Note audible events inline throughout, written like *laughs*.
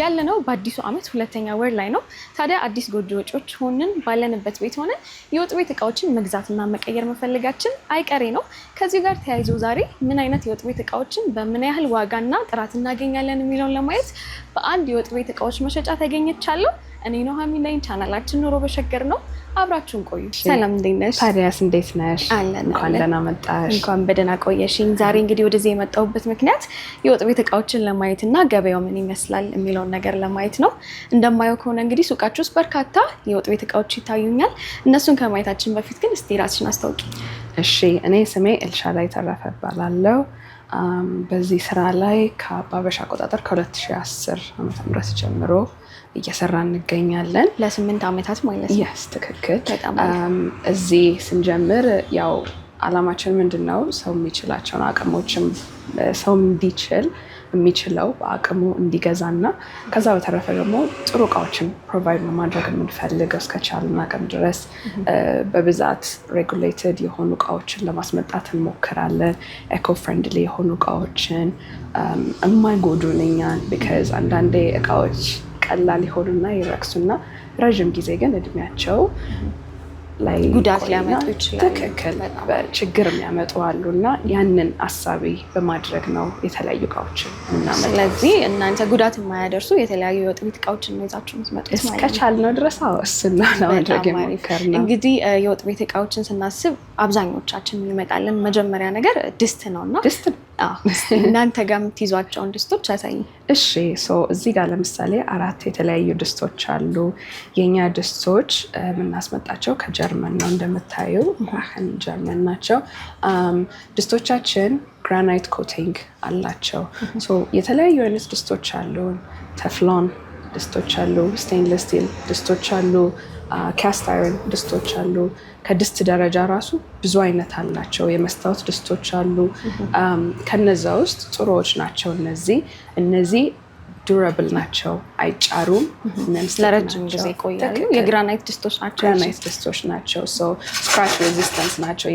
ያለነው በአዲሱ ዓመት ሁለተኛ ወር ላይ ነው። ታዲያ አዲስ ጎጆ ወጪዎች ሆንን ባለንበት ቤት ሆነን የወጥ ቤት እቃዎችን መግዛትና መቀየር መፈለጋችን አይቀሬ ነው። ከዚህ ጋር ተያይዞ ዛሬ ምን አይነት የወጥ ቤት እቃዎችን በምን ያህል ዋጋና ጥራት እናገኛለን የሚለውን ለማየት በአንድ የወጥ ቤት እቃዎች መሸጫ ተገኝቻለሁ። እኔ ኑሃሚን ነኝ። ቻናላችን ኑሮ በሸገር ነው። አብራችሁን ቆዩ። ሰላም፣ እንዴት ነሽ? ታዲያስ እንዴት ነሽ? አለን። እንኳን ደህና መጣሽ። እንኳን በደህና ቆየሽኝ። ዛሬ እንግዲህ ወደዚህ የመጣሁበት ምክንያት የወጥ ቤት እቃዎችን ለማየት እና ገበያው ምን ይመስላል የሚለውን ነገር ለማየት ነው። እንደማየው ከሆነ እንግዲህ ሱቃችሁ ውስጥ በርካታ የወጥ ቤት እቃዎች ይታዩኛል። እነሱን ከማየታችን በፊት ግን እስቲ ራስሽን አስታውቂ። እሺ፣ እኔ ስሜ ኤልሻዳይ ተረፈ እባላለሁ። በዚህ ስራ ላይ ከአባበሻ አቆጣጠር ከ2010 ዓ ም ጀምሮ እየሰራ እንገኛለን። ለስምንት ዓመታት ማለት ነው። ትክክል። um, እዚህ ስንጀምር ያው አላማችን ምንድን ነው? ሰው የሚችላቸውን አቅሞችም ሰው እንዲችል የሚችለው በአቅሙ እንዲገዛና ከዛ በተረፈ ደግሞ ጥሩ እቃዎችን ፕሮቫይድ ለማድረግ የምንፈልገው እስከቻልን አቅም ድረስ uh, በብዛት ሬጉሌትድ የሆኑ እቃዎችን ለማስመጣት እንሞክራለን። ኤኮ ፍሬንድሊ የሆኑ እቃዎችን um, የማይጎዱን እኛን ቢካዝ አንዳንዴ እቃዎች ቀላል ይሆኑና ይረክሱና ረዥም ጊዜ ግን እድሜያቸው ላይ ጉዳት ሊያመጡ ይችላል። ትክክል ችግር የሚያመጡ አሉ እና ያንን አሳቢ በማድረግ ነው የተለያዩ እቃዎችን ስለዚህ እናንተ ጉዳት የማያደርሱ የተለያዩ የወጥ ቤት እቃዎችን ይዛችሁ የምትመጡት እስከቻልነው ድረስ እሱና ለማድረግ የሞከር ነው። እንግዲህ የወጥቤት ቤት እቃዎችን ስናስብ አብዛኞቻችን የሚመጣልን መጀመሪያ ነገር ድስት ነው እና ድስት ነው እናንተ ጋር የምትይዟቸውን ድስቶች አሳይ። እሺ፣ እዚህ ጋር ለምሳሌ አራት የተለያዩ ድስቶች አሉ። የእኛ ድስቶች የምናስመጣቸው ከጀርመን ነው። እንደምታዩ ራህን ጀርመን ናቸው። ድስቶቻችን ግራናይት ኮቲንግ አላቸው። የተለያዩ አይነት ድስቶች አሉ። ተፍሎን ድስቶች አሉ። ስቴንለስ ስቲል ድስቶች አሉ። ካስት አይረን ድስቶች አሉ። ከድስት ደረጃ ራሱ ብዙ አይነት አላቸው። የመስታወት ድስቶች አሉ። ከነዛ ውስጥ ጥሩዎች ናቸው እነዚህ እነዚህ ዱረብል ናቸው፣ አይጫሩም፣ ለረጅም ጊዜ ይቆያሉ። የግራናይት ድስቶች ናቸው። ግራናይት ድስቶች ናቸው። ስክራች ሬዚስተንስ ናቸው።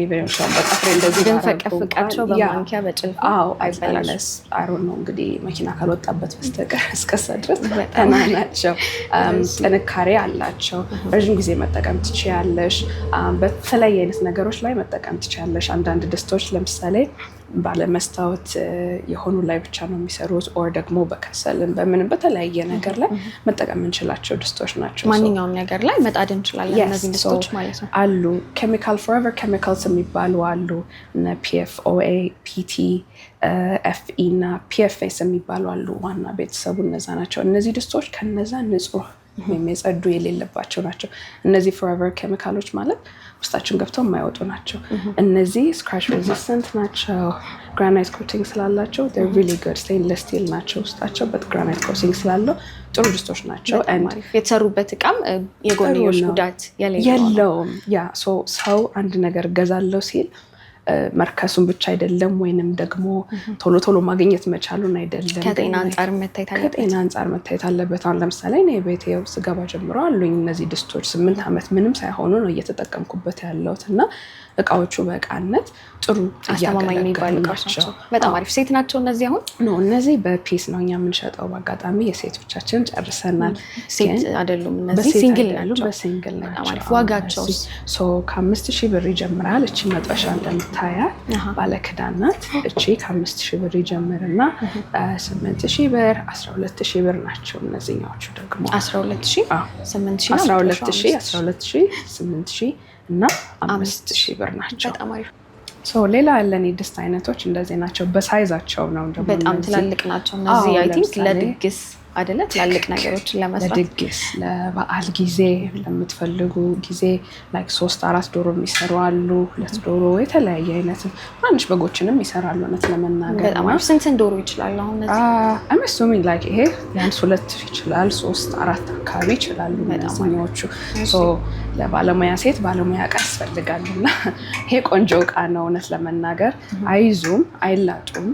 እንደዚህፈቀፍቃቸው በማንኪያ በጭል አዎ፣ አይበላለስ አሮ ነው እንግዲህ መኪና ካልወጣበት በስተቀር *laughs* እስከሰ ድረስ ጠና ናቸው። ጥንካሬ አላቸው። ረዥም ጊዜ መጠቀም ትችያለሽ። በተለያየ አይነት ነገሮች ላይ መጠቀም ትችያለሽ። አንዳንድ ድስቶች ለምሳሌ ባለመስታወት የሆኑ ላይ ብቻ ነው የሚሰሩት። ኦር ደግሞ በከሰልን በምንም በተለያየ ነገር ላይ መጠቀም እንችላቸው ድስቶች ናቸው። ማንኛውም ነገር ላይ መጣድ እንችላለን እነዚህ ድስቶች ማለት ነው። አሉ ኬሚካል ፎርቨር ኬሚካልስ የሚባሉ አሉ። እነ ፒኤፍኦኤ፣ ፒቲ፣ ኤፍኢ እና ፒኤፍኤስ የሚባሉ አሉ። ዋና ቤተሰቡ እነዛ ናቸው። እነዚህ ድስቶች ከነዛ ንጹህ ወይም የጸዱ የሌለባቸው ናቸው። እነዚህ ፎሬቨር ኬሚካሎች ማለት ውስጣችን ገብተው የማይወጡ ናቸው። እነዚህ ስክራች ሬዚስተንት ናቸው። ግራናይት ኮቲንግ ስላላቸው ሪሊ ጉድ ስቴንለስ ስቲል ናቸው ውስጣቸው በት ግራናይት ኮቲንግ ስላለው ጥሩ ድስቶች ናቸው። የተሰሩበት እቃም የጎንዮሽ ጉዳት የለውም። ያ ሰው አንድ ነገር እገዛለሁ ሲል መርከሱን ብቻ አይደለም ወይንም ደግሞ ቶሎ ቶሎ ማግኘት መቻሉን አይደለም። ከጤና አንጻር መታየት አለበት። አሁን ለምሳሌ እኔ ቤቴ ስገባ ጀምሮ አሉኝ እነዚህ ድስቶች ስምንት ዓመት ምንም ሳይሆኑ ነው እየተጠቀምኩበት ያለሁት እና እቃዎቹ በቃነት ጥሩ አስተማማኝ ናቸው። በጣም አሪፍ ሴት ናቸው እነዚህ አሁን ኖ እነዚህ በፒስ ነው እኛ የምንሸጠው። በአጋጣሚ የሴቶቻችን ጨርሰናል። ሴት አይደሉም እነዚህ ሲንግል ናቸው። በሲንግል ናቸው። ዋጋቸው ከአምስት ሺህ ብር ይጀምራል። እቺ መጥበሻ እንደምታያት ባለክዳን ናት። እቺ ከአምስት ሺህ ብር ይጀምርና ስምንት ሺህ ብር አስራ ሁለት ሺህ ብር ናቸው። እነዚህኛዎቹ ደግሞ አስራ ሁለት ሺህ ስምንት ሺህ አስራ ሁለት ሺህ አስራ ሁለት ሺህ ስምንት ሺህ እና አምስት ሺህ ብር ናቸው። በጣም ሌላ ያለን የድስት አይነቶች እንደዚህ ናቸው። በሳይዛቸው ነው። በጣም ትላልቅ ናቸው እነዚህ አይ ቲንክ ለድግስ አደለ? ትላልቅ ነገሮችን ለመስራት ለድግስ፣ ለበዓል ጊዜ ለምትፈልጉ ጊዜ ላይ ሶስት አራት ዶሮ የሚሰሩ አሉ። ሁለት ዶሮ የተለያየ አይነት ትናንሽ በጎችንም ይሰራሉ። እውነት ለመናገር ስንትን ዶሮ ይችላሉ? አሁን አምስቱሚንግ ላይ ይሄ ቢያንስ ሁለት ይችላል፣ ሶስት አራት አካባቢ ይችላሉ። መጠማኛዎቹ ለባለሙያ ሴት ባለሙያ እቃ ያስፈልጋሉ። እና *laughs* ይሄ ቆንጆ እቃ ነው። እውነት ለመናገር አይዙም፣ አይላጡም፣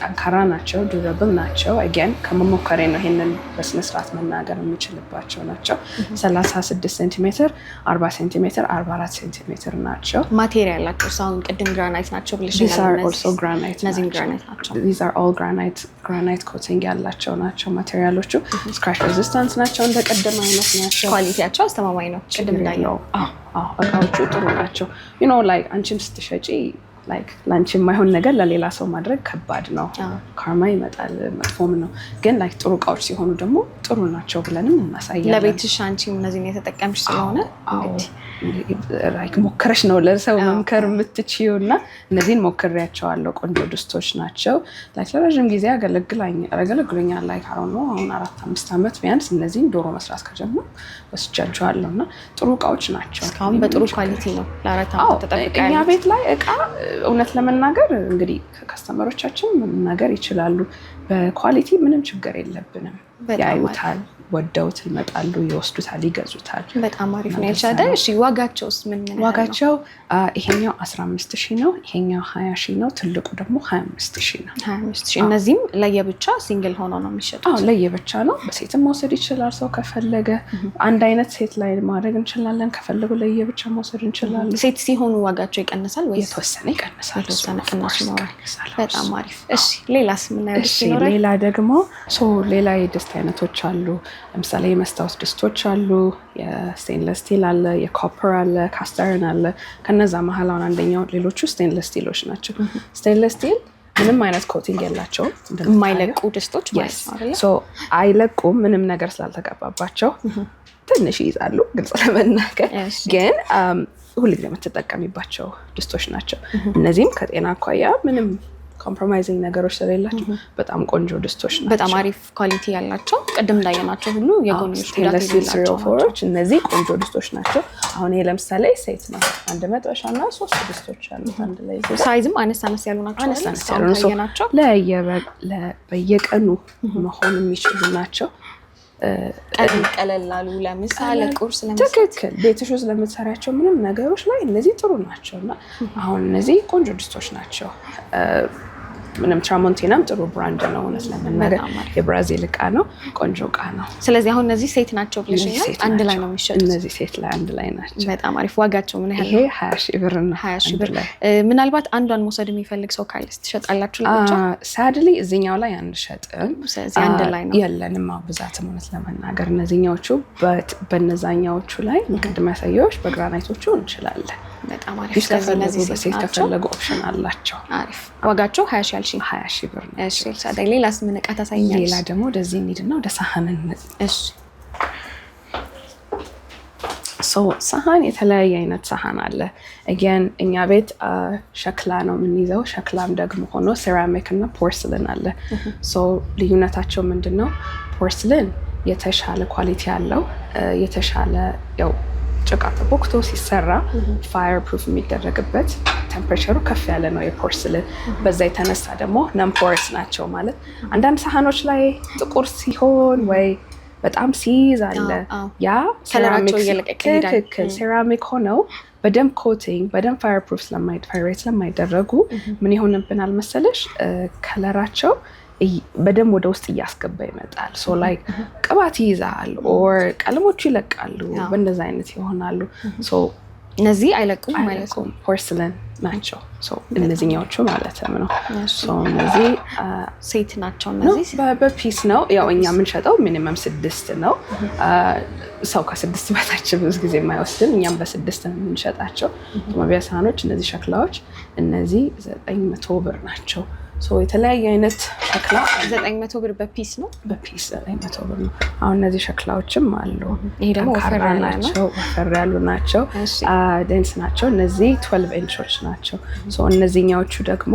ጠንካራ ናቸው፣ ዱረብም ናቸው። አገን ከመሞከሬ ነው ይሄን ይህንን በስነስርዓት መናገር የምችልባቸው ናቸው። 36 ሴንቲሜትር፣ 40 ሴንቲሜትር፣ 44 ሴንቲሜትር ናቸው። ማቴሪያላቸው አሁን ቅድም ግራናይት ናቸው ብለሽልሶ ግራናይት ናቸው። ግራናይት ኮቲንግ ያላቸው ናቸው። ማቴሪያሎቹ ስክራሽ ሬዚስታንት ናቸው። እንደ ቅድም አይነት ናቸው። ኳሊቲያቸው አስተማማኝ ነው። ቅድም እንዳየው እቃዎቹ ጥሩ ናቸው። ዩ ኖ ላይክ አንቺም ስትሸጪ ላይክ ላንቺ የማይሆን ነገር ለሌላ ሰው ማድረግ ከባድ ነው። ካርማ ይመጣል፣ መጥፎም ነው። ግን ላይክ ጥሩ እቃዎች ሲሆኑ ደግሞ ጥሩ ናቸው ብለንም እናሳያለን። ለቤትሽ አንቺም እነዚህን የተጠቀምሽ ስለሆነ ላይክ ሞክረሽ ነው ለሰው መምከር የምትችይው እና እነዚህን ሞክሬያቸዋለሁ። ቆንጆ ድስቶች ናቸው። ላይክ ለረዥም ጊዜ አገለግሎኛል። ላይክ አሁን አሁን አራት አምስት ዓመት ቢያንስ እነዚህን ዶሮ መስራት ከጀመሩ ወስጃቸዋለሁ እና ጥሩ እቃዎች ናቸው። በጥሩ ኳሊቲ ነው። ለአራት ዓመት ተጠብቀ እኛ ቤት ላይ እቃ እውነት ለመናገር እንግዲህ ከከስተመሮቻችን መናገር ይችላሉ። በኳሊቲ ምንም ችግር የለብንም፣ ያዩታል ወደውት ይመጣሉ፣ ይወስዱታል፣ ይገዙታል። በጣም አሪፍ ነው ኤልሻዳይ። እሺ ዋጋቸውስ ምን ምን? ዋጋቸው ይሄኛው 15 ሺ ነው፣ ይሄኛው 20 ነው፣ ትልቁ ደግሞ 25 ሺህ ነው። 25 እነዚህም ለየብቻ ሲንግል ሆኖ ነው የሚሸጡት? አዎ ለየብቻ ነው። በሴትም መውሰድ ይችላል ሰው ከፈለገ። አንድ አይነት ሴት ላይ ማድረግ እንችላለን፣ ከፈለጉ ለየብቻ መውሰድ እንችላለን። ሴት ሲሆኑ ዋጋቸው ይቀንሳል ወይ? የተወሰነ ይቀንሳል። በጣም አሪፍ። እሺ ሌላስ እሺ ሌላ ደግሞ ሌላ የደስት አይነቶች አሉ ለምሳሌ የመስታወት ድስቶች አሉ፣ የስቴንለስ ስቲል አለ፣ የኮፐር አለ፣ ካስተርን አለ። ከነዛ መሀል አሁን አንደኛው ሌሎቹ ስቴንለስ ስቲሎች ናቸው። ስቴንለስ ስቲል ምንም አይነት ኮቲንግ የላቸውም። የማይለቁ ድስቶች አይለቁም፣ ምንም ነገር ስላልተቀባባቸው ትንሽ ይይዛሉ። ግልጽ ለመናገር ግን um, ሁልጊዜ የምትጠቀሚባቸው ድስቶች ናቸው። እነዚህም ከጤና አኳያ ምንም ኮምፕሮማይዚንግ ነገሮች ስለሌላቸው በጣም ቆንጆ ድስቶች ናቸው። በጣም አሪፍ ኳሊቲ ያላቸው ቅድም ናቸው ሁሉ የጎንዮሽ እነዚህ ቆንጆ ድስቶች ናቸው። አሁን ይሄ ለምሳሌ ሴት ነው አንድ መጥበሻ እና ሶስት ድስቶች ያሉት አንድ ላይ ሳይዝም አነስ አነስ ያሉ ናቸው። አነስ መሆን የሚችሉ ናቸው። ቀለላሉ ለምሳ ለቁርስ ትክክል ቤትሽ ውስጥ ለምትሰሪያቸው ምንም ነገሮች ላይ እነዚህ ጥሩ ናቸው እና አሁን እነዚህ ቆንጆ ድስቶች ናቸው። ምንም ትራሞንቴናም ጥሩ ብራንድ ነው። እውነት ለመናገር የብራዚል እቃ ነው፣ ቆንጆ እቃ ነው። ስለዚህ አሁን እነዚህ ሴት ናቸው ብለሽኛል። አንድ ላይ ነው የሚሸጡት? እነዚህ ሴት ላይ አንድ ላይ ናቸው። በጣም አሪፍ። ዋጋቸው ምን ያህል? ይሄ ሀያ ሺህ ብር ነው። ሀያ ሺህ ብር። ምናልባት አንዷን መውሰድ የሚፈልግ ሰው ካይልስ ትሸጣላችሁ? ሳድሊ እዚኛው ላይ አንሸጥም። ስለዚህ አንድ ላይ ነው የለንም ብዛትም። እውነት ለመናገር እነዚህኛዎቹ በነዛኛዎቹ ላይ ቅድመ ያሳየዎች በግራናይቶቹ እንችላለን። በጣም አሪፍ። ስለዚህ እነዚህ ሴት ከፈለጉ ከፈለጉ ኦፕሽን አላቸው። አሪፍ። ዋጋቸው ሀያ ሺህ ሀያ ሺህ ብር ነው። ሌላስ ምን ዕቃ ታሳይኛለሽ? ሌላ ደግሞ ወደዚህ እንሂድና ወደ ሳህን እሺ ሳህን የተለያየ አይነት ሰሃን አለ። እገን እኛ ቤት ሸክላ ነው የምንይዘው። ሸክላም ደግሞ ሆኖ ሴራሚክ እና ፖርስልን አለ። ልዩነታቸው ምንድን ነው? ፖርስልን የተሻለ ኳሊቲ ያለው የተሻለ ያው ጭቃ ቦክቶ ሲሰራ ፋየር ፕሩፍ የሚደረግበት ቴምፕሬቸሩ ከፍ ያለ ነው የፖርስልን። በዛ የተነሳ ደግሞ ነምፖርስ ናቸው ማለት አንዳንድ ሳህኖች ላይ ጥቁር ሲሆን ወይ በጣም ሲይዝ አለ። ያ ትክክል ሴራሚክ ሆነው በደንብ ኮቲንግ በደንብ ፋየር ፕሩፍ ስለማይደረጉ ምን ይሆንብናል መሰለሽ ከለራቸው በደንብ ወደ ውስጥ እያስገባ ይመጣል። ሶ ላይክ ቅባት ይይዛል ኦር ቀለሞቹ ይለቃሉ፣ በእንደዚ አይነት ይሆናሉ። እነዚህ አይለቁም ፖርስለን ናቸው እነዚኛዎቹ ማለትም ነው። እነዚህ ሴት ናቸው። በፒስ ነው። ያው እኛ የምንሸጠው ሚኒመም ስድስት ነው። ሰው ከስድስት በታች ብዙ ጊዜ የማይወስድም። እኛም በስድስት ነው የምንሸጣቸው። መቢያ ሳህኖች፣ እነዚህ ሸክላዎች፣ እነዚህ ዘጠኝ መቶ ብር ናቸው። የተለያየ አይነት ሸክላ ዘጠኝ መቶ ብር በፒስ ነው። በፒስ ዘጠኝ መቶ ብር ነው። አሁን እነዚህ ሸክላዎችም አሉ። ይሄ ደግሞ ወፈር ናቸው፣ ወፈር ያሉ ናቸው፣ ደንስ ናቸው። እነዚህ ትዌልቭ ኢንቾች ናቸው። እነዚህኛዎቹ ደግሞ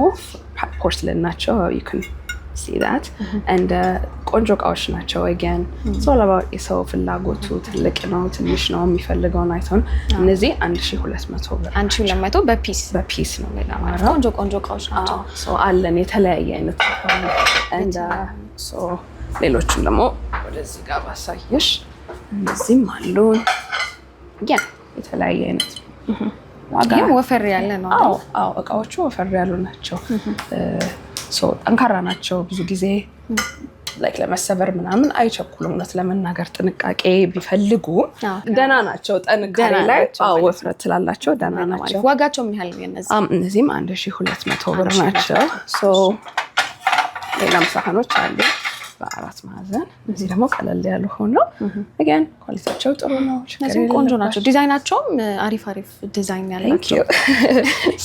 ፖርስልን ናቸው። ዩ see that and uh, ቆንጆ እቃዎች ናቸው። again hmm. it's all about የሰው ፍላጎቱ ትልቅ ነው ትንሽ ነው የሚፈልገውን አይተን እነዚህ 1200 ብር 1200 በፒስ በፒስ ነው ለማማራው ቆንጆ ቆንጆ እቃዎች ናቸው። አለን የተለያየ አይነት and uh, ሌሎቹም ደግሞ ወደዚህ ጋር ባሳየሽ እነዚህም አሉን again የተለያየ አይነት mm-hmm. ዋጋ ወፈር ያለ ነው። አዎ እቃዎቹ ወፈር ያሉ ናቸው። mm-hmm. uh, ጠንካራ ናቸው። ብዙ ጊዜ ላይክ ለመሰበር ምናምን አይቸኩሉም። እውነት ለመናገር ጥንቃቄ ቢፈልጉ ደህና ናቸው። ጥንካሬ ላይ ወፍረት ስላላቸው ደህና ናቸው። ዋጋቸው ምን ያህል? እነዚህም አንድ ሺህ ሁለት መቶ ብር ናቸው። ሌላም ሳህኖች አሉ በአራት ማዕዘን እዚህ ደግሞ ቀለል ያሉ ሆነው ግን ኳሊቲያቸው ጥሩ ነው። ቆንጆ ናቸው። ዲዛይናቸውም አሪፍ አሪፍ ዲዛይን ያላቸው *laughs*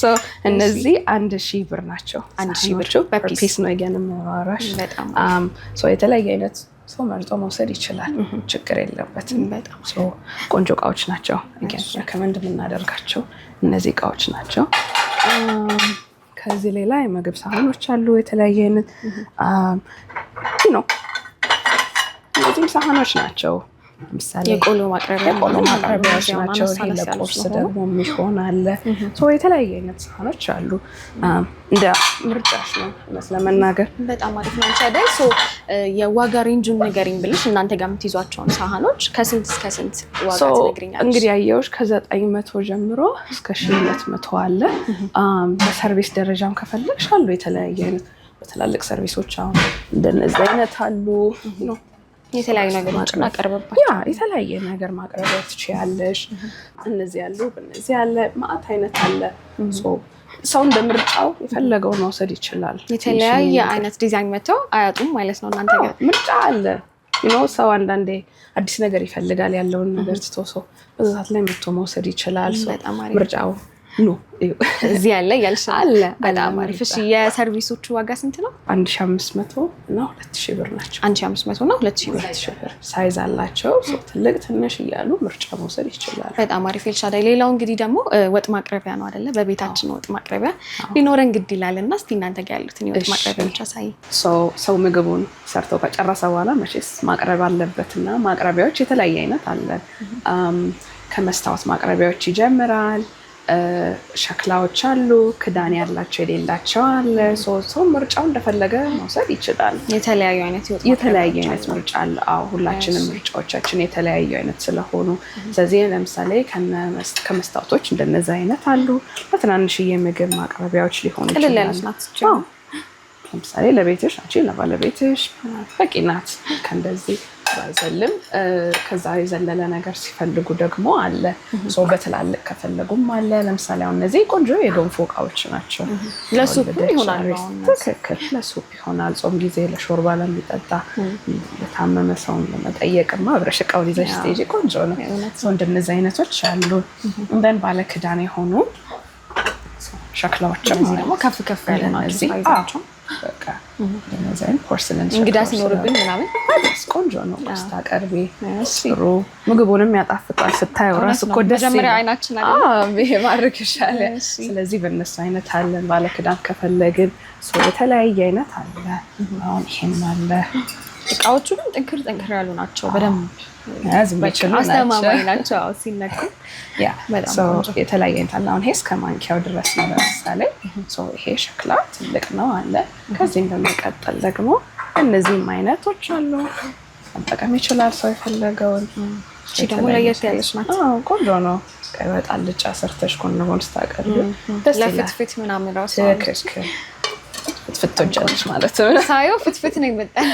*laughs* እነዚህ አንድ ሺህ ብር ናቸው። አንድ ሺህ ብር በፒስ ነው ገን የምኖራሽ በጣም um, የተለያየ አይነት ሰው መርጦ መውሰድ ይችላል። ችግር የለበትም። በጣም ቆንጆ እቃዎች ናቸው። ከምንድ የምናደርጋቸው እነዚህ እቃዎች ናቸው። um, ከዚህ ሌላ የምግብ ሳህኖች አሉ። የተለያየ አይነት ነው። እነዚህም ሳህኖች ናቸው። ለምሳሌ የቆሎ ማቅረቢያዎች ናቸው። ለቁርስ ደግሞ የሚሆን አለ። የተለያየ አይነት ሳህኖች አሉ። እንደ ምርጫሽ ነው በጣም አሪፍ ነው። የዋጋ ሬንጁን ንገሪኝ ብልሽ እናንተ ጋር የምትይዟቸውን ሳህኖች ከስንት እስከ ስንት ዋጋ ትነግሪኛለሽ? እንግዲህ ከዘጠኝ መቶ ጀምሮ እስከ ሁለት መቶ አለ። በሰርቪስ ደረጃም ከፈለግሽ አሉ የተለያየ አይነት በትላልቅ ሰርቪሶች አሁን እንደነዚህ አይነት አሉ ነው የተለያዩ ነገሮች እናቀርብባት ያ የተለያየ ነገር ማቅረብ ትችያለሽ። እነዚህ ያሉ እነዚህ ያለ ማአት አይነት አለ። ሰው እንደ ምርጫው የፈለገውን መውሰድ ይችላል። የተለያየ አይነት ዲዛይን መተው አያጡም ማለት ነው። እናንተ ምርጫ አለ። ሰው አንዳንዴ አዲስ ነገር ይፈልጋል። ያለውን ነገር ትቶ ሰው በዛ ላይ መቶ መውሰድ ይችላል። ምርጫው ኖ እዚህ ያለ እያልሽ አለ። በጣም አሪፍ። እሺ የሰርቪሶቹ ዋጋ ስንት ነው? አንድ ሺህ አምስት መቶ እና ሁለት ሺህ ብር ናቸው። አንድ ሺህ አምስት መቶ እና ሁለት ሺህ ብር ሳይዝ አላቸው። ትልቅ ትንሽ እያሉ ምርጫ መውሰድ ይችላሉ። በጣም አሪፍ ኤልሻዳይ። ሌላው እንግዲህ ደግሞ ወጥ ማቅረቢያ ነው አይደለ? በቤታችን ወጥ ማቅረቢያ ሊኖረን ግድ ይላል እና እስኪ እናንተ ጋር ያሉትን የወጥ ማቅረቢያ ብቻ ሳይ ሰው ምግቡን ሰርተው ከጨረሰ በኋላ መቼስ ማቅረብ አለበት እና ማቅረቢያዎች የተለያየ አይነት አለ። ከመስታወት ማቅረቢያዎች ይጀምራል ሸክላዎች አሉ። ክዳን ያላቸው የሌላቸው አለ። ሰው ምርጫው እንደፈለገ መውሰድ ይችላል። የተለያዩ አይነት ምርጫ አለ። አዎ ሁላችንም ምርጫዎቻችን የተለያዩ አይነት ስለሆኑ ስለዚህ ለምሳሌ ከመስታወቶች እንደነዚህ አይነት አሉ። በትናንሽ ምግብ ማቅረቢያዎች ሊሆኑ ይችላል። ለምሳሌ ለቤትሽ ለባለቤትሽ በቂ ናት ከእንደዚህ አይዘልም። ከዛ የዘለለ ነገር ሲፈልጉ ደግሞ አለ። ሰው በትላልቅ ከፈለጉም አለ። ለምሳሌ አሁን እነዚህ ቆንጆ የገንፎ እቃዎች ናቸው። ለሱፕ ይሆናል፣ ትክክል ለሱፕ ይሆናል። ጾም ጊዜ ለሾርባ ለሚጠጣ የታመመ ሰውን ለመጠየቅማ አብረሽ እቃውን ይዘሽ ስትሄጂ ቆንጆ ነው። እንደነዚህ አይነቶች አሉ። እንደን ባለ ክዳን የሆኑ ሸክላዎችም ደግሞ ከፍ ከፍ ያለ ነው እዚህ በቃ እነዚን ፖርስለን እንግዳ ሲኖርብኝ ምናምን ቆንጆ ነው ስታቀርቢ ጥሩ ምግቡንም ያጣፍጣል። ስታየው ራሱ እኮ ደስ ማድረግ ይሻለ። ስለዚህ በእነሱ አይነት አለን። ባለክዳን ከፈለግን የተለያየ አይነት አለ። አሁን ይሄም አለ እቃዎቹም ጥንክር ጥንክር ያሉ ናቸው። በደንብ አስተማማኝ ናቸው ሲነኩ የተለያየ አይነት አለ። አሁን ይሄ እስከ ማንኪያው ድረስ ነው። ለምሳሌ ይሄ ሸክላ ትልቅ ነው አለ። ከዚህም በመቀጠል ደግሞ እነዚህም አይነቶች አሉ። መጠቀም ይችላል ሰው የፈለገውን። ደግሞ ለየት ያለች ናት። ቆንጆ ነው። ቀይ ወጥ አልጫ ሰርተሽ ጎን ጎን ስታቀርቢ ለፍትፍት ምናምን ራሱ ትክክል ፍትፍት ትወጃለሽ ማለት ነው። ሳየው ፍትፍት ነው ይመጣል።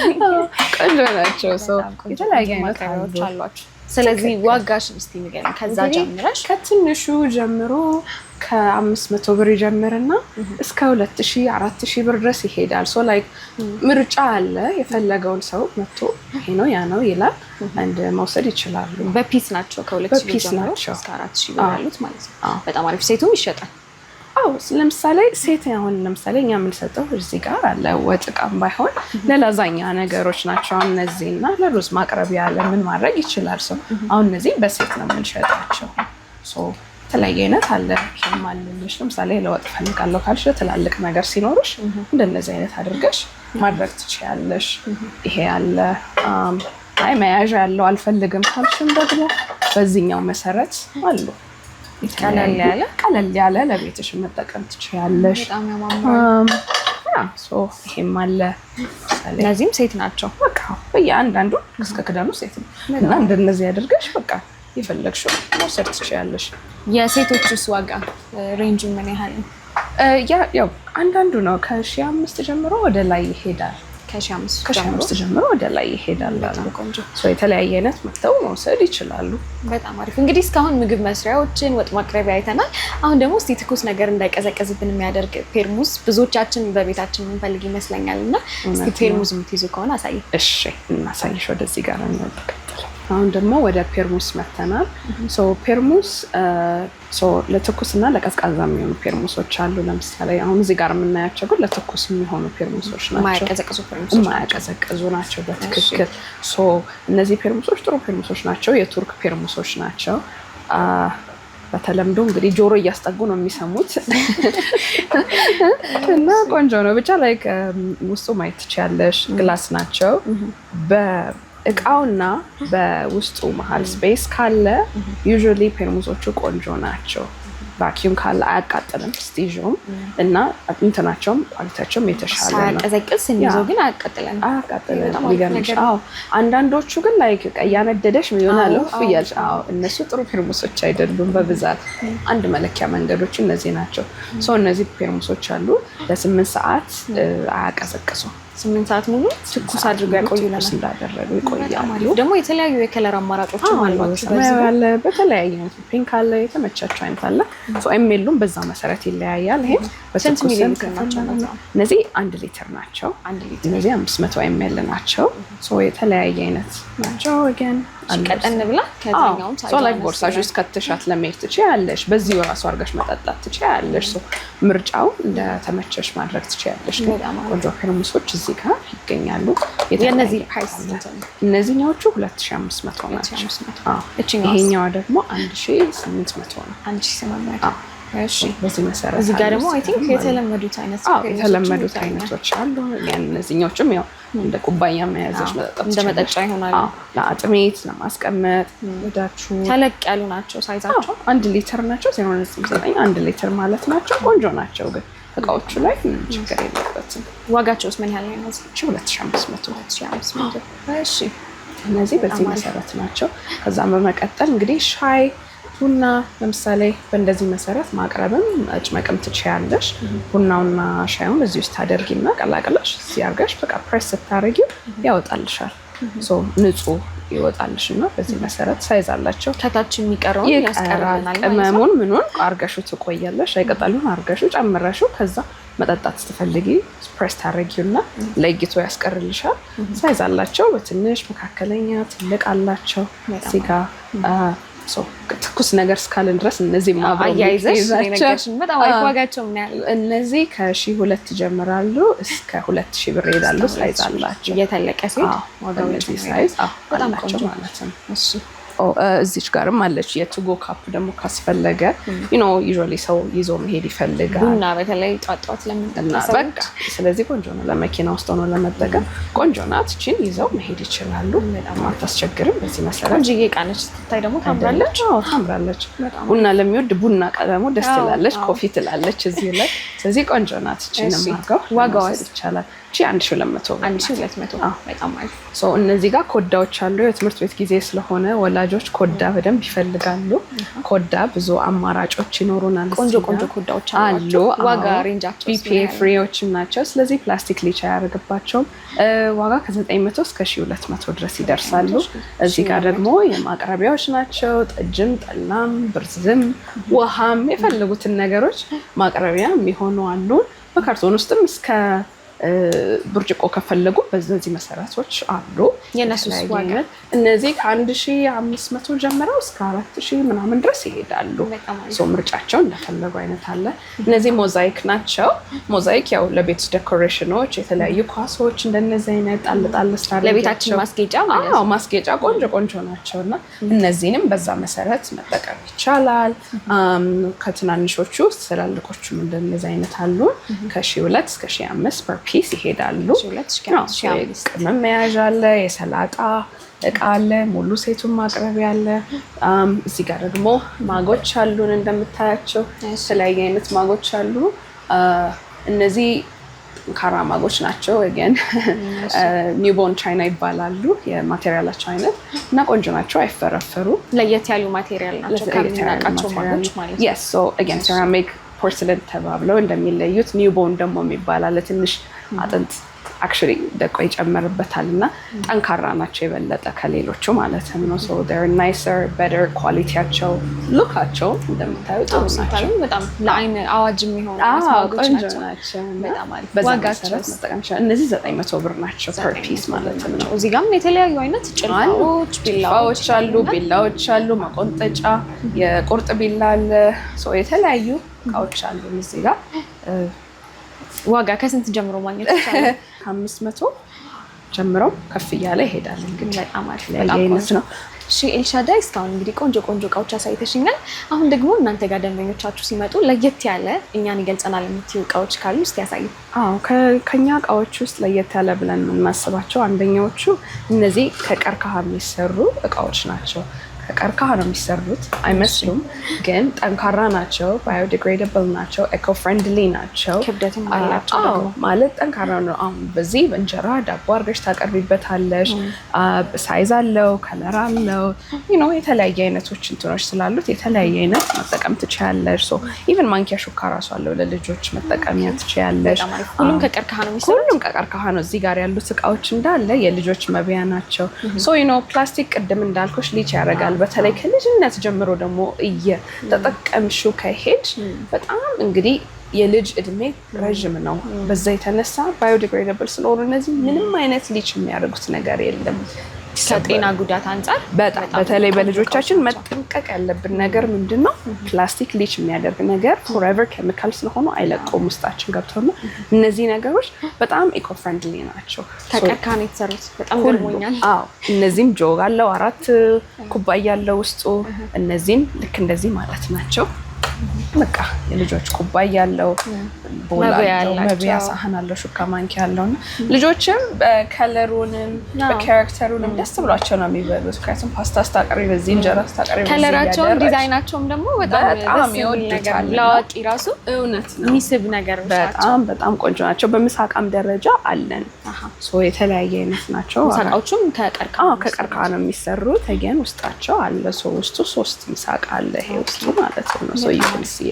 ቆንጆ ናቸው። ሰው የተለያየ አይነት አሏቸው። ስለዚህ ዋጋሽ እስቲ ንገሪኝ። ከዛ ጀምረሽ ከትንሹ ጀምሮ ከአምስት መቶ ብር ይጀምርና እስከ ሁለት ሺ አራት ሺ ብር ድረስ ይሄዳል። ሶ ላይክ ምርጫ አለ። የፈለገውን ሰው መጥቶ ይሄ ነው ያ ነው ይላል አንድ መውሰድ ይችላሉ። በፒስ ናቸው ከሁለት ሺ ጀምሮ እስከ አራት ሺ ብር ያሉት ማለት ነው። በጣም አሪፍ ሴቱም ይሸጣል አው ለምሳሌ ሴት አሁን ለምሳሌ እኛ የምንሰጠው እዚህ ጋር አለ ወጥ እቃም ባይሆን ለላዛኛ ነገሮች ናቸው እነዚህ እና ለሩዝ ማቅረቢያ ለምን ማድረግ ይችላል ሰው። አሁን እነዚህ በሴት ነው የምንሸጣቸው። የተለያየ አይነት አለ። ማልልሽ ለምሳሌ ለወጥ ፈልጋለሁ ካልሽ ትላልቅ ነገር ሲኖርሽ እንደነዚህ አይነት አድርገሽ ማድረግ ትችያለሽ። ይሄ አለ። አይ መያዣ ያለው አልፈልግም ካልሽም ደግሞ በዚህኛው መሰረት አሉ። ቀለል ያለ ለቤትሽ መጠቀም ትችያለሽ። ይሄም አለ። እነዚህም ሴት ናቸው። በቃ በየአንዳንዱ እስከ ክዳኑ ሴት ነው እና እንደነዚህ ያደርገሽ በቃ የፈለግሽው መውሰድ ትችያለሽ። የሴቶችስ ዋጋ ሬንጅ ምን ያህል? ያው አንዳንዱ ነው ከሺህ አምስት ጀምሮ ወደ ላይ ይሄዳል። ከሺህ ጀምሮ ወደ ላይ ይሄዳል። የተለያየ አይነት መጥተው መውሰድ ይችላሉ። በጣም አሪፍ። እንግዲህ እስካሁን ምግብ መስሪያዎችን፣ ወጥ ማቅረቢያ አይተናል። አሁን ደግሞ እስኪ ትኩስ ነገር እንዳይቀዘቀዝብን የሚያደርግ ፌርሙስ ብዙዎቻችን በቤታችን የምንፈልግ ይመስለኛል እና ፔርሙዝ የምትይዙ ከሆነ አሳይ። እሺ፣ እናሳይሽ ወደዚህ ጋር አሁን ደግሞ ወደ ፔርሙስ መተናል። ፔርሙስ እና ለቀዝቃዛ የሚሆኑ ፔርሙሶች አሉ። ለምሳሌ አሁን እዚህ ጋር የምናያቸው ግን ለትኩስ የሚሆኑ ፔርሙሶች ናቸው፣ የማያቀዘቅዙ ናቸው። በትክክል እነዚህ ፔርሙሶች ጥሩ ፔርሙሶች ናቸው፣ የቱርክ ፔርሙሶች ናቸው። በተለምዶ እንግዲህ ጆሮ እያስጠጉ ነው የሚሰሙት *laughs* እና ቆንጆ ነው ብቻ ላይ ውስጡ ማየት ትችያለሽ። ግላስ ናቸው እቃውና በውስጡ መሀል ስፔስ ካለ ዩዥዋሊ ፔርሙሶቹ ቆንጆ ናቸው። ቫኪዩም ካለ አያቃጥልም። ስቲዥም እና እንትናቸውም ኳሊቲያቸውም የተሻለ ነው። ቀዘቅዝ ስንይዘው ግን አያቃጥልም አያቃጥልም። ሊገርምሽ አዎ። አንዳንዶቹ ግን ላይክ እያነደደሽ ይሆናል እያልሽ አዎ። እነሱ ጥሩ ፔርሙሶች አይደሉም በብዛት አንድ መለኪያ መንገዶች እነዚህ ናቸው። ሰው እነዚህ ፔርሙሶች አሉ ለስምንት ሰዓት አያቀዘቅሱም። ስምንት ሰዓት ሙሉ ትኩስ አድርገው ያቆዩናል። ስላደረጉ ይቆያሉ። ደግሞ የተለያዩ የከለር አማራጮች አለ። በተለያየ አይነት ፒንክ አለ፣ የተመቻቸው አይነት አለ። ኤምኤሉም በዛ መሰረት ይለያያል። ይሄ በስንት ሚሊዮን ናቸው? እነዚህ አንድ ሊትር ናቸው። እነዚህ አምስት መቶ ኤምኤል ናቸው። የተለያየ አይነት ናቸው ግን ቀጠን ብላ ላይፍ ቦርሳሽ ውስጥ ከትሻት ለመሄድ ትችያለሽ። በዚህ ራሱ አድርጋሽ መጠጣት ትችያለሽ። ምርጫው እንደተመቸሽ ማድረግ ትችያለሽ። ቆንጆ ፔርሙሶች እዚህ ጋር ይገኛሉ። እነዚህኛዎቹ 2500 ናቸው። ይሄኛዋ ደግሞ 1800 ነው። እዚህ ጋር ደግሞ የተለመዱት አይነቶች አሉ። እነዚህኛዎችም ያው እንደ ኩባያ መያዘች መጠጣት ይሆናሉ። ለአጥሜት ለማስቀመጥ ወዳችሁ ተለቅ ያሉ ናቸው። ሳይዛቸው አንድ ሊትር ናቸው። ዘጠኝ አንድ ሊትር ማለት ናቸው። ቆንጆ ናቸው ግን እቃዎቹ ላይ ምንም ችግር የለበትም። ዋጋቸውስ ምን ያህል ነው? ሁለት ሺህ አምስት መቶ እነዚህ በዚህ መሰረት ናቸው። ከዛም በመቀጠል እንግዲህ ሻይ ቡና ለምሳሌ በእንደዚህ መሰረት ማቅረብም መጭመቅም ትችያለሽ። ቡናውና ሻዩን እዚህ ውስጥ አደርጊና ቀላቅለሽ እዚህ አድርገሽ በቃ ፕሬስ ስታደርጊው ያወጣልሻል። ንጹህ ይወጣልሽ እና በዚህ መሰረት ሳይዝ አላቸው። ከታች የሚቀረውን ያስቀራናል። ቅመሙን ምኑን አርገሹ ትቆያለሽ። አይቀጠሉን አርገሹ ጨምረሹ ከዛ መጠጣት ስትፈልጊ ፕሬስ ታደረጊውና ለይቶ ያስቀርልሻል። ሳይዝ አላቸው። በትንሽ መካከለኛ፣ ትልቅ አላቸው ሲጋ ትኩስ ነገር እስካለን ድረስ እነዚህ ማበያይዘሽዋጋቸው እነዚህ ከሺህ ሁለት ይጀምራሉ እስከ ሁለት ሺ ብር ይሄዳሉ። ሳይዝ አላቸው እየተለቀ ሲሄድ ዋጋቸው ሳይዝ ናቸው ማለት ነው እሱ እዚች ጋርም አለች። የቱጎ ካፕ ደግሞ ካስፈለገ ዩ ዩዥዋሊ ሰው ይዞ መሄድ ይፈልጋል እና በተለይ ጧጧት ለምንጠጣ ስለዚህ ቆንጆ ነው። ለመኪና ውስጥ ሆኖ ለመጠቀም ቆንጆ ናት። እችን ይዘው መሄድ ይችላሉ። በጣም አታስቸግርም። በዚህ መሰረት ቆንጆዬ እቃ ነች። ስትታይ ደግሞ ታምራለች፣ ታምራለች። ቡና ለሚወድ ቡና ቀለሙ ደስ ትላለች፣ ኮፊ ትላለች እዚህ ላይ። ስለዚህ ቆንጆ ናት። ማርገው ዋጋው ይቻላል ሺ 1200 ሺ በጣም አሪፍ። ሶ እነዚህ ጋር ኮዳዎች አሉ። የትምህርት ቤት ጊዜ ስለሆነ ወላጆች ኮዳ በደንብ ይፈልጋሉ። ኮዳ ብዙ አማራጮች ይኖሩናል። ቆንጆ ቆንጆ ኮዳዎች አሉ። ዋጋ ሬንጃቸው ቢፒኤ ናቸው። ስለዚህ ፕላስቲክ ሊቻ አያደርግባቸውም። ዋጋ ከ መቶ እስከ ሺ2 መቶ ድረስ ይደርሳሉ። እዚህ ጋር ደግሞ የማቅረቢያዎች ናቸው። ጠጅም፣ ጠላም፣ ብርዝም፣ ውሃም የፈልጉትን ነገሮች ማቅረቢያ የሚሆኑ አሉ በካርቶን ውስጥም እስከ ብርጭቆ ከፈለጉ በዚህ መሰረቶች አሉ። እነዚህ ከአንድ ሺ አምስት መቶ ጀምረው እስከ አራት ሺ ምናምን ድረስ ይሄዳሉ። ምርጫቸው እንደፈለጉ አይነት አለ። እነዚህ ሞዛይክ ናቸው። ሞዛይክ ያው ለቤት ዴኮሬሽኖች የተለያዩ ኳሶች እንደነዚህ አይነት ጣልጣል ስራ ለቤታችን ማስጌጫ ማስጌጫ ቆንጆ ቆንጆ ናቸው እና እነዚህንም በዛ መሰረት መጠቀም ይቻላል። ከትናንሾቹ ትላልቆቹም እንደነዚህ አይነት አሉ ከሺ ሁለት እስከ ሺ አምስት ፒስ ይሄዳሉ። ቅመም መያዣ አለ፣ የሰላጣ እቃ አለ፣ ሙሉ ሴቱን ማቅረቢያ አለ። እዚህ ጋር ደግሞ ማጎች አሉን እንደምታያቸው የተለያየ አይነት ማጎች አሉ። እነዚህ ጠንካራ ማጎች ናቸው። ግን ኒውቦን ቻይና ይባላሉ የማቴሪያላቸው አይነት እና ቆንጆ ናቸው። አይፈረፈሩ ለየት ያሉ ማቴሪያል ናቸው ሴራሚክ ፖርስለን ተባብለው እንደሚለዩት ኒውቦን ደግሞ የሚባላለ ትንሽ አጥንት አክቹዋሊ ደቆ ይጨመርበታል እና ጠንካራ ናቸው የበለጠ ከሌሎቹ ማለትም ነው። ሶ ዴር ናይሰር በደር ኳሊቲያቸው ሉካቸው እንደምታዩ ጥሩ ናቸው። በጣም ለአይን አዋጅ የሚሆኑ እነዚህ ዘጠኝ መቶ ብር ናቸው ፐር ፒስ ማለትም ነው። እዚህ ጋም የተለያዩ አይነት ጭልፋዎች፣ ቢላዎች አሉ ቢላዎች አሉ መቆንጠጫ፣ የቁርጥ ቢላ አለ። የተለያዩ እቃዎች አሉ እዚህ ጋር ዋጋ ከስንት ጀምሮ ማግኘት ይቻላል? ከአምስት *laughs* መቶ ጀምሮ ከፍ እያለ ይሄዳል። እንግዲህ ነው። እሺ ኤልሻዳይ፣ እስካሁን እንግዲህ ቆንጆ ቆንጆ እቃዎች አሳይተሽኛል። አሁን ደግሞ እናንተ ጋር ደንበኞቻችሁ ሲመጡ ለየት ያለ እኛን ይገልጸናል የምትዩ እቃዎች ካሉ እስቲ ያሳዩ። አዎ ከኛ እቃዎች ውስጥ ለየት ያለ ብለን የምናስባቸው አንደኛዎቹ እነዚህ ከቀርከሃ የሚሰሩ እቃዎች ናቸው። ከቀርከሃ ነው የሚሰሩት። አይመስሉም፣ ግን ጠንካራ ናቸው፣ ባዮዲግሬደብል ናቸው፣ ኤኮ ፍሬንድሊ ናቸው። ክብደትም አላቸው ማለት ጠንካራ ነው። አሁን በዚህ እንጀራ ዳቦ አድርገሽ ታቀርቢበታለሽ። ሳይዝ አለው፣ ከለር አለው፣ የተለያየ አይነቶች እንትኖች ስላሉት የተለያየ አይነት መጠቀም ትችያለሽ። ኢቨን ማንኪያ ሹካ ራሱ አለው ለልጆች መጠቀሚያ ትችያለሽ። ሁሉም ከቀርከሃ ነው የሚሰሩት። ሁሉም ከቀርከሃ ነው። እዚህ ጋር ያሉት እቃዎች እንዳለ የልጆች መብያ ናቸው። ሶ ፕላስቲክ ቅድም እንዳልኩሽ ሊች ያደርጋል ይሆናል። በተለይ ከልጅነት ጀምሮ ደግሞ እየተጠቀምሽው ከሄድ በጣም እንግዲህ የልጅ እድሜ ረዥም ነው። በዛ የተነሳ ባዮዲግሬደብል ስለሆኑ እነዚህ ምንም አይነት ሊች የሚያደርጉት ነገር የለም። ከጤና ጉዳት አንጻር በጣም በተለይ በልጆቻችን መጠንቀቅ ያለብን ነገር ምንድን ነው? ፕላስቲክ ሊች የሚያደርግ ነገር ፎሬቨር ኬሚካል ስለሆኑ አይለቀውም ውስጣችን ገብተውና እነዚህ ነገሮች በጣም ኢኮ ፍሬንድሊ ናቸው። ተቀካን የተሰሩት በጣም ገርሞኛል። አዎ እነዚህም ጆግ አለው አራት ኩባያ አለው ውስጡ። እነዚህም ልክ እንደዚህ ማለት ናቸው። በቃ የልጆች ኩባያ ያለው ቦላ መብያ ሳህን አለው ሹካ ማንኪያ ያለው እና ልጆችም በከለሩንም በካራክተሩንም ደስ ብሏቸው ነው የሚበሉት። ምክንያቱም ፓስታ ስታቀርቢ በዚህ እንጀራ ስታቀርቢ ከለራቸውም ዲዛይናቸውም ደግሞ በጣም ይወዱታል። ለአዋቂ ራሱ እውነት ሚስብ ነገር በጣም በጣም ቆንጆ ናቸው። በምሳቃም ደረጃ አለን። የተለያየ አይነት ናቸው። ምሳቃዎቹም ከቀርቃ ነው የሚሰሩ ተገን ውስጣቸው አለ። ውስጡ ሶስት ምሳቃ አለ። ይሄ ውስጡ ማለት ነው እነዚህ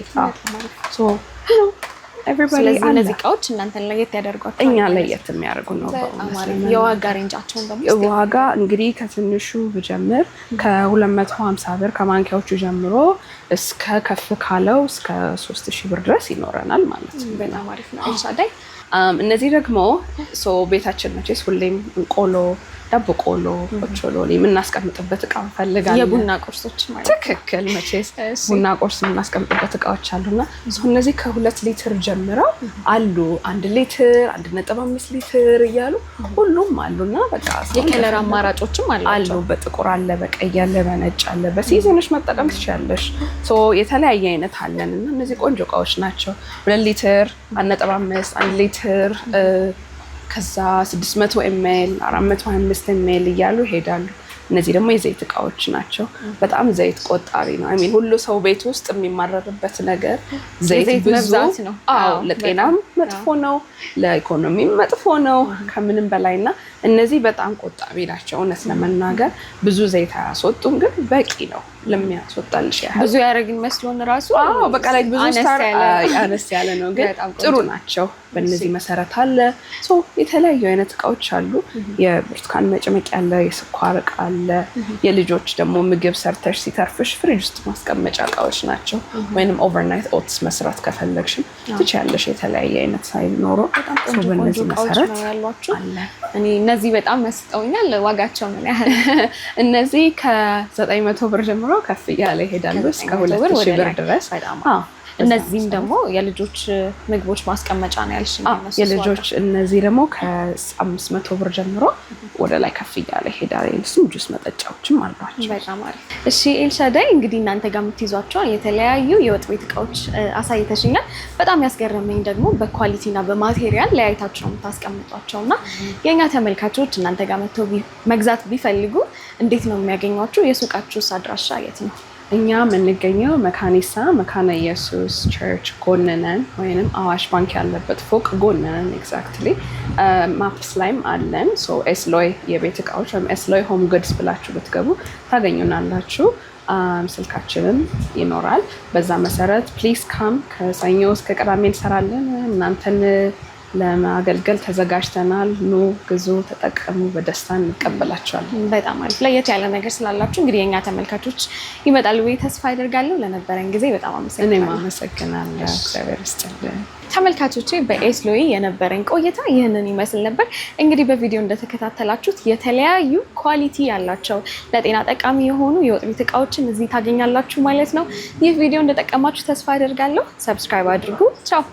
እቃዎች እናንተን ለየት ያደርጓቸው እኛ ለየት የሚያደርጉ ነው። የዋጋ ሬንጃቸውን ደግሞ ዋጋ እንግዲህ ከትንሹ ብጀምር ከ250 ብር ከማንኪያዎቹ ጀምሮ እስከ ከፍ ካለው እስከ 3000 ብር ድረስ ይኖረናል ማለት ነው። በጣም አሪፍ ነው። እነዚህ ደግሞ ቤታችን መቼስ ሁሌም እንቆሎ ዳቦ ቆሎ፣ የምናስቀምጥበት እቃ እንፈልጋለን። የቡና ቁርሶች ማለት ትክክል። መቼስ ቡና ቁርስ የምናስቀምጥበት እቃዎች አሉና እነዚህ ከሁለት ሊትር ጀምረው አሉ። አንድ ሊትር፣ አንድ ነጥብ አምስት ሊትር እያሉ ሁሉም አሉና በቃ የከለር አማራጮችም አሉ። በጥቁር አለ፣ በቀይ አለ፣ በነጭ አለ። በሲዝኖች መጠቀም ትችላለሽ። የተለያየ አይነት አለን እና እነዚህ ቆንጆ እቃዎች ናቸው። ሁለት ሊትር፣ አንድ ነጥብ አምስት፣ አንድ ሊትር ከዛ 600 ኤምኤል 425 ኤምኤል እያሉ ይሄዳሉ። እነዚህ ደግሞ የዘይት እቃዎች ናቸው። በጣም ዘይት ቆጣቢ ነው። አይ ሚን ሁሉ ሰው ቤት ውስጥ የሚማረርበት ነገር ዘይት ብዙ አዎ ለጤናም መጥፎ ነው፣ ለኢኮኖሚም መጥፎ ነው ከምንም በላይ እና እነዚህ በጣም ቆጣቢ ናቸው። እውነት ለመናገር ብዙ ዘይት አያስወጡም፣ ግን በቂ ነው ለሚያስወጣልሽ ያህል ብዙ ያደረግ መስሎን ራሱ በቃ ላይ ብዙ አነስ ያለ ነው፣ ግን ጥሩ ናቸው። በእነዚህ መሰረት አለ። የተለያዩ አይነት እቃዎች አሉ። የብርቱካን መጭመቂያ አለ፣ የስኳር እቃ አለ። የልጆች ደግሞ ምግብ ሰርተሽ ሲተርፍሽ ፍሪጅ ውስጥ ማስቀመጫ እቃዎች ናቸው። ወይንም ኦቨርናይት ኦትስ መስራት ከፈለግሽም ትችያለሽ። የተለያየ አይነት ሳይኖረው በጣም ቆንጆ ቆንጆ እቃዎች ነው ያሏቸው። እነዚህ በጣም መስጠውኛል። ዋጋቸው ምን ያህል? *laughs* እነዚህ ከዘጠኝ መቶ ብር ጀምሮ ከፍ እያለ ይሄዳሉ እስከ ሁለት ሺህ ብር ድረስ እነዚህም ደግሞ የልጆች ምግቦች ማስቀመጫ ነው ያልሽ? የልጆች እነዚህ ደግሞ ከአምስት መቶ ብር ጀምሮ ወደ ላይ ከፍ እያለ ይሄዳል። የልሱም ጁስ መጠጫዎችም አሏቸው። በጣም አሪፍ። እሺ ኤልሻዳይ፣ እንግዲህ እናንተ ጋር የምትይዟቸው የተለያዩ የወጥ ቤት እቃዎች አሳይተሽኛል። በጣም ያስገረመኝ ደግሞ በኳሊቲ በኳሊቲና በማቴሪያል ለያይታችሁ ነው የምታስቀምጧቸው እና የእኛ ተመልካቾች እናንተ ጋር መጥተው መግዛት ቢፈልጉ እንዴት ነው የሚያገኟችሁ? የሱቃችሁስ አድራሻ የት ነው? እኛ የምንገኘው መካኒሳ መካነ ኢየሱስ ቸርች ጎንነን ወይም አዋሽ ባንክ ያለበት ፎቅ ጎንነን። ኤግዛክትሊ ማፕስ ላይም አለን። ኤስሎይ የቤት እቃዎች ወይም ኤስሎይ ሆም ጉድስ ብላችሁ ብትገቡ ታገኙናላችሁ። ስልካችንም ይኖራል። በዛ መሰረት ፕሊስ ካም። ከሰኞ እስከ ቅዳሜ እንሰራለን። እናንተን ለማገልገል ተዘጋጅተናል። ኑ ግዙ፣ ተጠቀሙ፣ በደስታ እንቀበላቸዋለን። በጣም አሪፍ ለየት ያለ ነገር ስላላችሁ እንግዲህ የኛ ተመልካቾች ይመጣሉ ብዬ ተስፋ አደርጋለሁ። ለነበረን ጊዜ በጣም አመሰግናለሁ። እኔም አመሰግናለሁ። እግዚአብሔር ይስጥልን። ተመልካቾቼ በኤስሎይ የነበረኝ ቆይታ ይህንን ይመስል ነበር። እንግዲህ በቪዲዮ እንደተከታተላችሁት የተለያዩ ኳሊቲ ያላቸው ለጤና ጠቃሚ የሆኑ የወጥ ቤት እቃዎችን እዚህ ታገኛላችሁ ማለት ነው። ይህ ቪዲዮ እንደጠቀማችሁ ተስፋ አደርጋለሁ። ሰብስክራይብ አድርጉ። ቻው